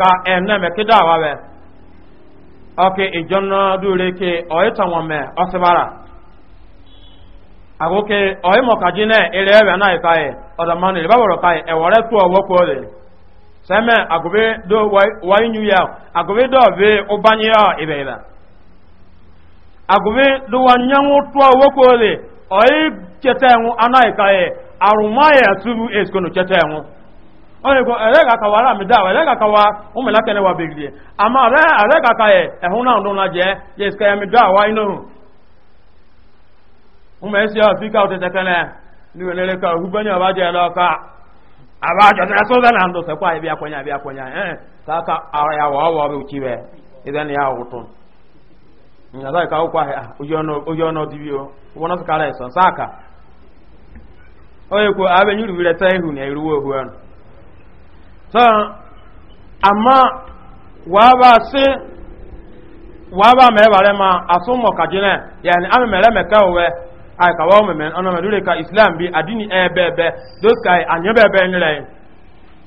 ka ene me kida wa oke ijonno dure ke oyta wame osibara agoke oyimo kajine ile ebe na ikaye odamani ile baboro kai e, e wore tu owo ko le seme agobe do wai nyu ya agobe do be obanye ibe agobe do wanyanwo tu owo ko le chete ana e, arumaye esko ọ̀rẹ́gbọ́ ẹ̀rẹ́gàkàwà aráàmìdáwà ẹ̀rẹ́gàkàwà ọmọlákẹ́lẹ́wà bèèrè àmà ẹ̀rẹ́gàkà ẹ̀ ẹ̀hún náà lọ́nà jẹ́ yẹ ìsìkẹ́yàmìdáwà inú ọmọ ẹ̀sì ọ̀fíkà òtẹ́tẹ́kẹ́lẹ́ ní ẹ̀lẹ́lẹ́kà ògúgbẹ́ni ọbájẹ́ ẹlọ́ọ̀ká àbájọ́ ẹ̀sọ́gbẹ́ náà ń dọ̀sẹ̀ kó àìbí ẹ̀ so amma wa ba se wa ba me bare ma asumo ka jine yani ame mere me ka owe ai ka wa me men ona me dure ka islam bi adini e bebe dos kai anyo bebe nle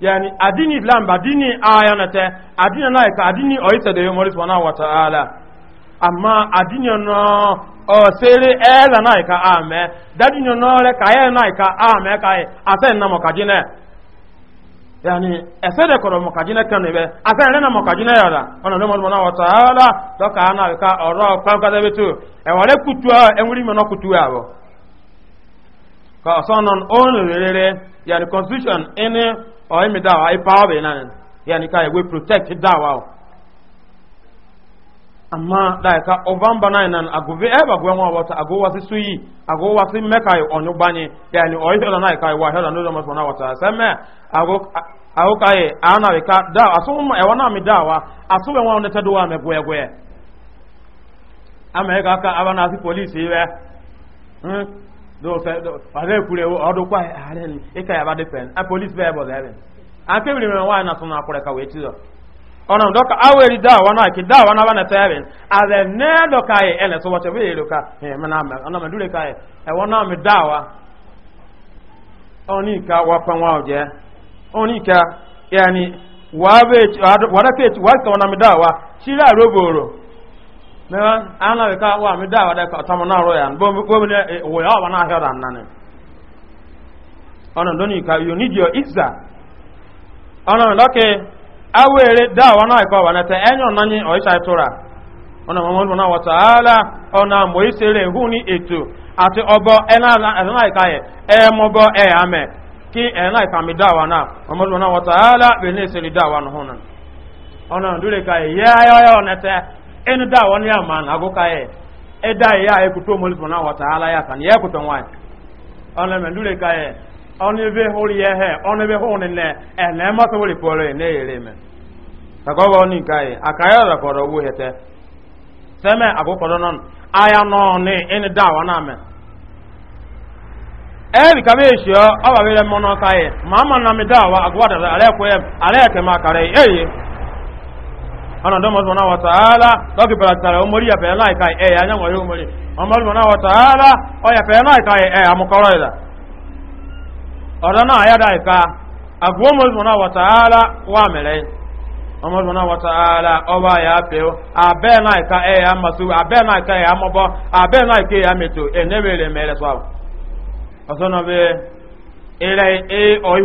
yani adini islam ba adini aya na te adini na ka adini o ite de yomori subhana wa taala amma adini no o sere e la na ka ame dadini no re ka e na ka ame ka ase na mo ka jine yani ɛsɛdɛ kọrọ mɔkadinɛ kan de bɛ asɛn yɛrɛ na mɔkadinɛ yɛrɛ la ɔnà ló mɔdúnmɔ náà wɔtɔ ala tɔ k'an na ka ɔrɔ kankadɛ bi kutu a ɛnwuli mɛ n'ɔkutu yà wɔ ka ɔsɔn nɔn ɔn rere yani constitution ɛni ɔyɛmi da wa ayi pawa bɛ nani yani ka ɛwɛ protect o. amma daika uh, oban bana nan agobe e ba gwen wa wata ago wasi suyi ago wasi meka yi onyu banye yani o yi na kai wa hada no zama sona wata seme ago ago kai ana we ka da asu mu e wana mi dawa asu we wa ne ta duwa gwe ama e ka ka abana asi police we hm do se do ale kure o do kwa eh, ale ni e ka ya ba a police be bo da ben a kebiri me wa na sona akure ka we ti ọ̀nà dọ́kà awẹ́rì dáwà náà kì dáwà náà wọ́n tẹ́ẹ̀rẹ̀ ààrẹ nẹ́ẹ̀dọ̀ka yẹ ẹ̀lẹ̀ tó wọ́n tẹ́wé èrò ká ọ̀nàmẹ́dúrẹ́ ká yẹ ẹ̀wọ́n náà mi dáwà ọ̀nìkà wà pẹ̀wọ́n ọ̀jẹ́ ọ̀nìkà yẹni wàdàkẹ́ẹ̀tì wọ́n awere dawa na ikọ wa nata enyo na nanyi oisa itura ona mo mo na wa taala ona mo isere huni eto ati obo ena na na-akọwa ikaye e mo bo e ame ki ena ikami dawa na mo mo na wa taala be ne seri dawa no honan ona ndure kai ya ya ya onata enu dawa ni ama e na go kai e da ya e kuto mo mo na wa taala ya kan ya kuto nwa ona me ndure kai ọnụ ebe hụrụ ya ehe ọnụ ebe hụrụ nne ele mmasị wụrụ pụrụ na eyere eme kaka ọba ọnụ nke anyị aka ya ọrịa kọrọ owó hete seme agụkọrọ nọ aya nọ ni ịnị awa na ame ẹbí e, kabe esi ọ ọba bẹrẹ mọ náà sáyẹ màmá nà mi da awa agụwa dada ala ẹkọ yẹ alẹ ẹkẹ mọ akara yẹ eye ọnà dọmọ sọ náà wọ sàálà lọkì pẹlẹ tàrà ya ọ̀rọ̀ náà yára ka àgbò mọ̀sùmọ̀nà wàtàálà wà mẹ́rẹ́ mọ̀sùmọ̀nà wàtàálà ọba ya pẹ̀lú abẹ́ náà ìka abe masu abẹ́ náà ìka ẹ̀yà mọ́bọ́ abẹ́ ya meto enewere mẹ́tò ẹ̀nẹ́mẹ́rẹ́ mẹ́rẹ́ sọ́ọ̀ ọ̀sọ́nà bẹ́ẹ̀ ilẹ̀ ẹ̀ ọ̀yọ́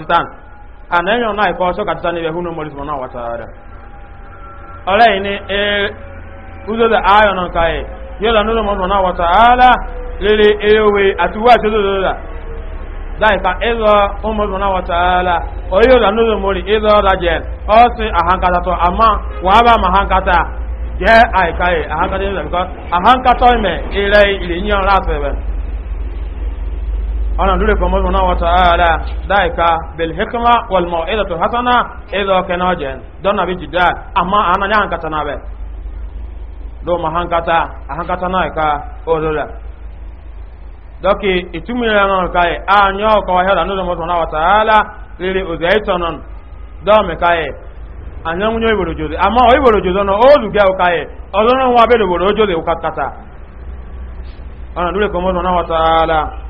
isa Ana anẹ́yàn náà ikọ̀ ọṣọ́ kàtútà níbẹ̀ húnú mọ́lì sọ̀rọ̀ náà wàtàrà ọ̀rẹ́ yìí ni ee uzọ́zọ̀ ayọ̀ náà káyẹ̀ yóò lọ nílò mọ́lì náà wàtàrà lèrè ewe àtiwá àti uzọ́zọ̀ láìka ẹ̀zọ́ mọ́lì náà wàtàrà ọ̀yọ́ lọ nílò mọ́lì ẹ̀zọ́ lajẹ̀ ọ̀sìn àhànkátà tó àmà wàá bá àhànkátà jẹ́ àìkáyẹ̀ àhànkátà ana lure ko mo na wata ala daika bil hikma wal mau'izatu hasana idha kana jen don na biji da amma ana nyan kata na be do ma hankata a hankata na ka odola doki itumira na kai anyo ko wa hela nuno mo na wata ala lili uzaitonon do me kai anyo nyo iboro jode amma o iboro jode no olu ga o kai odon wa be do iboro jode ukakata ana lure ko mo na wata ala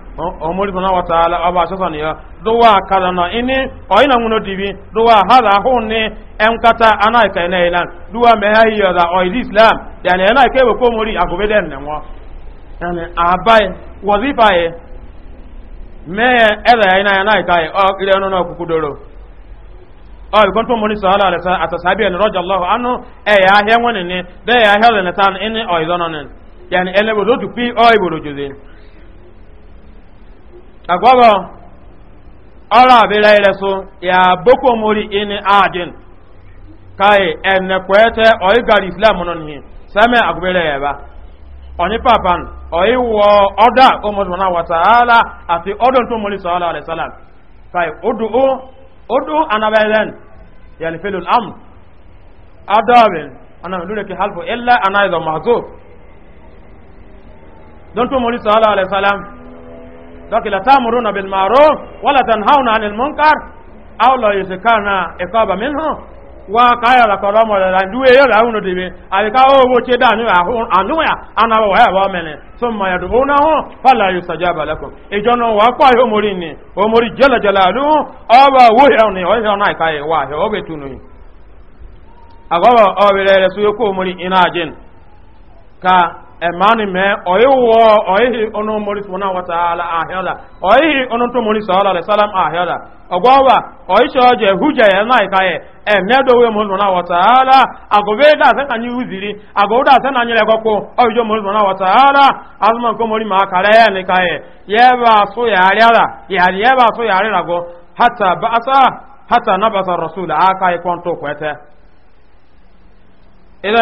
omori sana wa aba sasa ya duwa na ini o nguno dibi duwa hala hunni en kata ana ina duwa me ha hiya ọ islam yani ina ke ko mori agobe den ne yani abai wazifa ye me ya ina ina o kukudoro ọ kon mori e ya ahia ni de ya ahia ini yani pi agwọbọ ọrụ abịla iresu ya boko mori ini kai ene ete oyi gari islam nọ n'ihe sami agwọbịla ya ba onye papan wọ ọda ụmụdụmọna wataala ati ọdọ kai o donc la tamuruna bil ma'ruf wala tanhauna 'anil munkar aw la yusikana iqaba minhu wa kaya la kolomo la nduwe yo la unu dibe alika o oh, wo che danu anu ya ana wa ya wa mele summa yaduna hu fala yusajaba lakum ijono wa kwa yo mori ni o mori jala jalalu awa wo ya ni o ya na kai wa he o betunu ni agoba o bere su yo ko mori ina jin ka ẹ̀mánì mẹ́ ọ̀yíwọ̀ ọ̀yíhì ọ̀nà mọ́rí sọ́nà wata ala àhíọ́dà ọ̀yíhì ọ̀nà tó mọ́rí sọ́ọ́lá rẹ̀ sálám àhíọ́dà ọgbọ́wà ọ̀yíṣẹ́ ọjẹ́ hújẹ́ ẹ̀ náà ìka ẹ̀ ẹ̀mẹ́dọ̀wé mọ́rí sọ́nà wata ala àgọ́bẹ́dà sẹ́kànyí wùzìrí àgọ́dà wata ala mọ́rí màá kàrẹ́ ya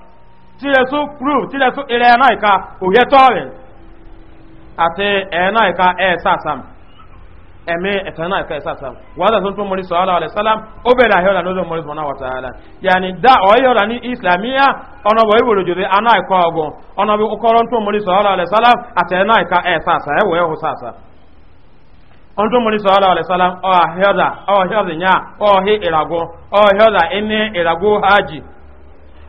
tí prove tiresu ire ẹ̀nà ìka òye tọ́ọ̀rẹ̀ àti ẹ̀nà ìka ẹ̀ ati ẹ̀mí ẹ̀tẹ̀nà ìka ẹ̀ wọ́n tẹ̀sí tó mọ̀rí sọ̀rọ̀ alẹ́ sálám ó bẹ̀rẹ̀ àhẹ́ ọ̀là mọ̀rí sọ̀rọ̀ wọ̀tà àlà yàní dá ọ̀yẹ́ ní islamiyya ọ̀nà bọ̀ ìwòrò jòdè aná ìkọ ọgbọ̀n ọ̀nà bí tó mọ̀rí sálám àti ẹ̀nà ìka ẹ̀wọ̀ ẹ̀hù sàsà tó mọ̀rí ọ̀ ìyá ìràgó hajj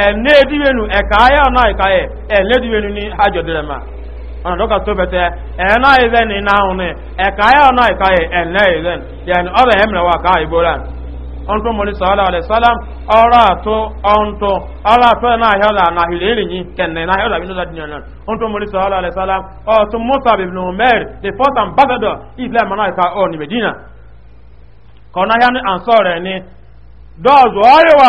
ẹ̀ẹ́nẹ́ ẹ̀díwẹ̀nù ẹ̀ka ayé ọ̀nà ẹ̀ka ẹ̀ ẹ̀ẹ́nẹ́ ni ní hajjọ̀dẹ̀rẹ̀ ma ọ̀nà dọ́kà tó bẹ̀tẹ̀ ẹ̀ẹ́nà ẹ̀zẹ̀ na náhùn ní ẹ̀ka ayé ọ̀nà ẹ̀ka ẹ̀ ẹ̀ẹ́nẹ́ ẹ̀zẹ̀ yẹn ọ̀bẹ̀ ẹ̀mìrẹ̀ wà ká ìbóra ọ̀ntọ́ mọ̀lẹ́ sọ́ọ́lá ọ̀lẹ́ sálám ọ̀rọ̀ àtọ́ ọ̀ntọ́ ọ̀rọ̀ àtọ́ ẹ̀ náà hẹ́ọ́lá náà hìlẹ̀ èlì yìí kẹ̀nẹ̀ náà hẹ́ọ́lá bí lọ́dá dìnyẹ̀ náà ọ̀ntọ́ mọ̀lẹ́ sọ́ọ́lá ọ̀lẹ́ sálám ọ̀tọ́ mọ́sà bìbìnà mẹ́rin the first ambassador islam náà ìka ọ̀ ní medina ni dọ́ọ̀zù ọ̀rẹ́wà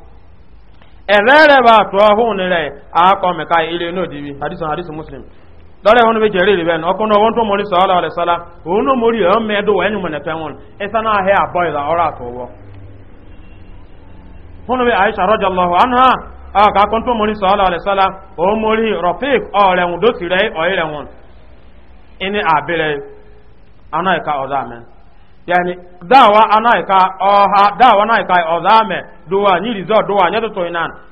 ere bá tọ́ ọ̀hún nílẹ̀ àákọ́ mẹ́ka ilé inú òdìbí àdísàn àdísàn muslim lọ́rẹ̀ wọn bí jẹ̀rí rí ọkụnọ ọkùnrin ọwọ́n tó mọ̀rí sọ́ọ́lá ọ̀rẹ́ sọ́lá òun ló mọ̀rí ẹ̀hún mẹ́ẹ̀dọ̀ ẹ̀yìn mọ̀nà pẹ́ wọn ẹ̀sà náà hẹ́ àbọ̀ ìlà ọ̀rọ̀ àtọwọ́. wọn bí àyíṣà rọ́jà ọrụ àná àkà kan tó mọ̀rí yani dawa anaika oha dawa anaika ozame duwa nyiri zo duwa nyato toinan